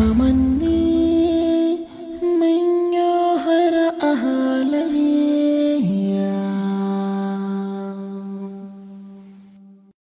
kamanni min ya a ahalai